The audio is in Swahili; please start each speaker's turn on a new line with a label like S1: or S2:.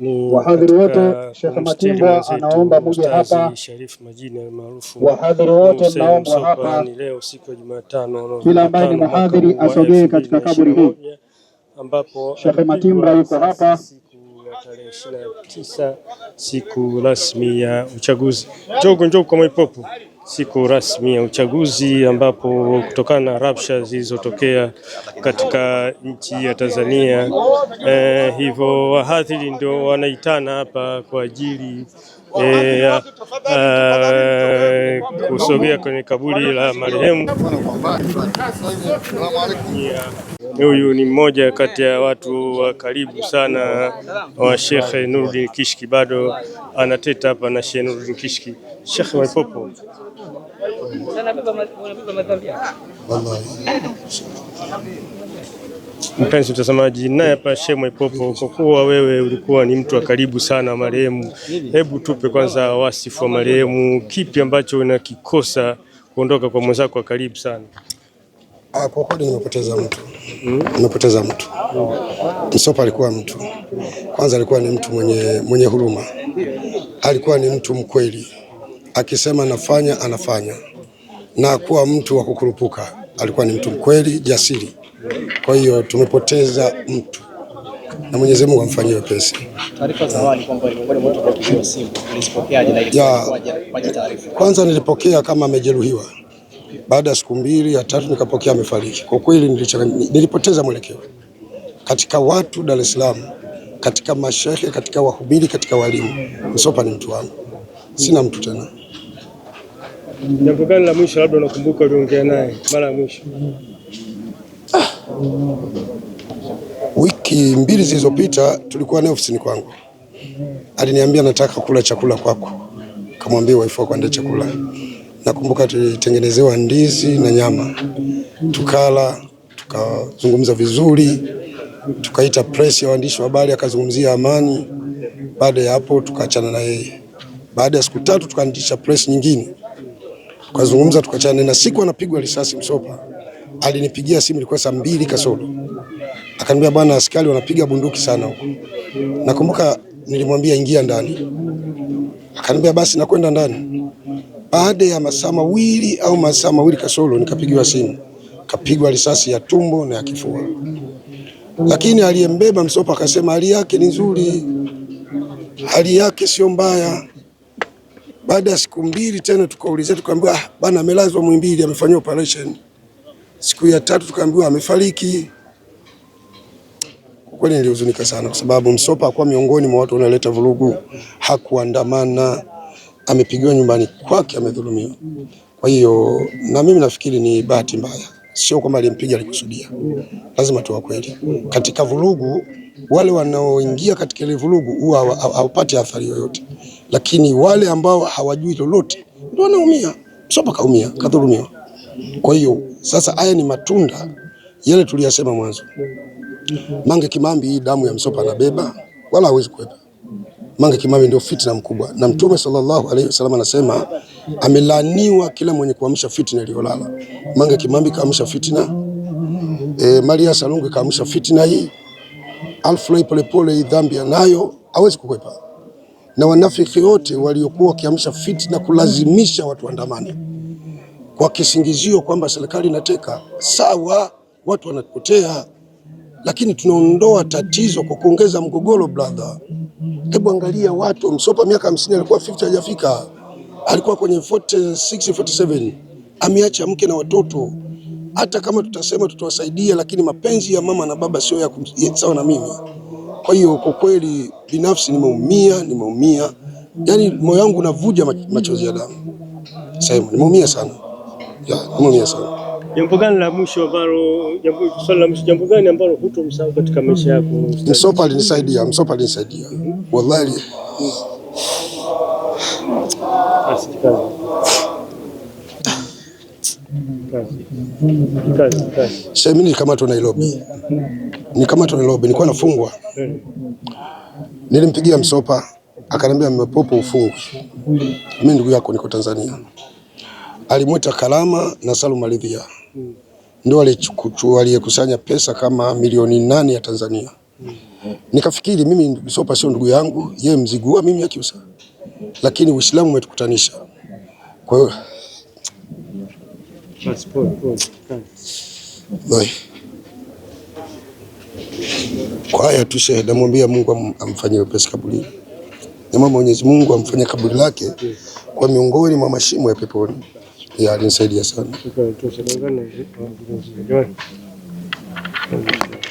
S1: Wahadhiri wote, Sheikh Matimbwa anaomba muje hapa. Wahadhiri wote mnaomba hapa.
S2: Leo siku ya Jumatano,
S1: kila ambaye ni mhadhiri asogee katika kaburi hii, ambapo Sheikh Matimbwa yuko hapa
S2: tarehe ishirini na tisa siku rasmi ya uchaguzi. Njogo, njogo kwa maipopo siku rasmi ya uchaguzi ambapo kutokana na rabsha zilizotokea katika nchi ya Tanzania eh, hivyo wahadhiri ndio wanaitana hapa kwa ajili eh, eh, kusogea kwenye kaburi la marehemu. Huyu ni mmoja kati ya watu wa karibu sana wa Sheikh nurdin Kishki, bado anateta hapa na Sheikh Nurdin Kishki. Sheikh Mwaipopo Mpenzi mtazamaji, naye hapa Sheikh Mwaipopo, kwa kuwa wewe ulikuwa ni mtu wa karibu sana marehemu, hebu tupe kwanza wasifu wa marehemu, kipi ambacho unakikosa kuondoka kwa mwenzako wa karibu sana?
S3: Ah, kwa kweli nimepoteza mtu, nimepoteza mtu. Msopa alikuwa mtu, kwanza alikuwa ni mtu mwenye, mwenye huruma, alikuwa ni mtu mkweli akisema nafanya anafanya, na kuwa mtu wa kukurupuka. Alikuwa ni mtu mkweli, jasiri. Kwa hiyo tumepoteza mtu na Mwenyezi Mungu amfanyie wepesi. Kwanza nilipokea kama amejeruhiwa, baada ya siku mbili ya tatu nikapokea amefariki. Kwa kweli nilipoteza mwelekeo katika watu Dar es Salaam, katika mashehe, katika wahubiri, katika walimu. Msopa ni mtu wangu, sina mtu tena.
S1: Jambo gani la mwisho labda unakumbuka uliongea naye mara ya mwisho? Ah,
S3: wiki mbili zilizopita tulikuwa naye ofisini kwangu, aliniambia nataka kula chakula kwako, kamwambia waifu wako chakula. Nakumbuka tulitengenezewa ndizi na nyama, tukala tukazungumza vizuri, tukaita press ya waandishi wa habari, akazungumzia amani. Baada ya hapo tukaachana na yeye. Baada ya siku tatu tukaanzisha press nyingine tukazungumza tukachana, na siku anapigwa risasi Msopa alinipigia simu, ilikuwa saa mbili kasoro, akaniambia bwana, askari wanapiga bunduki sana huko. Nakumbuka nilimwambia ingia ndani, akaniambia basi, nakwenda ndani. Baada ya masaa mawili au masaa mawili kasoro, nikapigiwa simu, kapigwa risasi ya tumbo na ya kifua, lakini aliyembeba Msopa akasema hali yake ni nzuri, hali yake sio mbaya baada ya siku mbili tena tukaulizia, tukaambiwa ah, bana, amelazwa Muhimbili, amefanywa operation. Siku ya tatu tukaambiwa amefariki. Kwa kweli nilihuzunika sana, kwa sababu Msopa hakuwa miongoni mwa watu wanaoleta vurugu, hakuandamana, amepigiwa nyumbani kwake, amedhulumiwa. Kwa hiyo na mimi nafikiri ni bahati mbaya, sio kwamba alimpiga, alikusudia. Lazima tuwa kweli, katika vurugu wale wanaoingia katika ile vurugu huwa hawapati athari yoyote lakini wale ambao hawajui lolote ndio wanaumia. Msopa kaumia, kadhulumiwa. Kwa hiyo sasa haya ni matunda yale tuliyasema mwanzo. Mange Kimambi hii damu ya Msopa anabeba wala hawezi kuepa. Mange Kimambi ndio fitna mkubwa, na Mtume sallallahu alaihi wasallam anasema amelaniwa kila mwenye kuamsha fitna iliyolala. Mange Kimambi kaamsha fitna e, Maria Sarungi kaamsha fitna hii, Alfred Polepole hii dhambi anayo hawezi kukwepa na wanafiki wote waliokuwa wakiamsha fitna kulazimisha watu waandamane kwa kisingizio kwamba serikali inateka. Sawa, watu wanapotea, lakini tunaondoa tatizo kwa kuongeza mgogoro. Brother, hebu angalia watu, Msopa miaka 50 alikuwa 50 hajafika, alikuwa kwenye 46 47, ameacha mke na watoto. Hata kama tutasema tutawasaidia, lakini mapenzi ya mama na baba sio ya sawa na mimi kwa hiyo kwa kweli binafsi nimeumia, nimeumia yaani moyo wangu unavuja machozi ya damu, sema nimeumia sana, ya, nimeumia sana.
S1: Jambo gani la mwisho ambalo, swali la mwisho, jambo gani ambalo hutomsahau katika maisha yako?
S3: Msopa alinisaidia, Msopa alinisaidia wallahi. Sasa mimi nilikamatwa Nairobi, nilikamatwa Nairobi, nilikuwa nafungwa. Nilimpigia Msopa akaniambia, mmepopo ufungu Mimi ndugu yako niko Tanzania. alimweta Kalama na Salum Alivia ndio aliyekusanya pesa kama milioni nane ya Tanzania. Nikafikiri mimi Msopa sio ndugu yangu, yeye mzigua mimi akiusa, lakini Uislamu umetukutanisha kwa hiyo kwa haya tushe, namwambia Mungu amfanye wepesi kaburi, nama Mwenyezi Mungu amfanye kaburi lake kwa miongoni mwa mashimo ya peponi. Alinisaidia sana.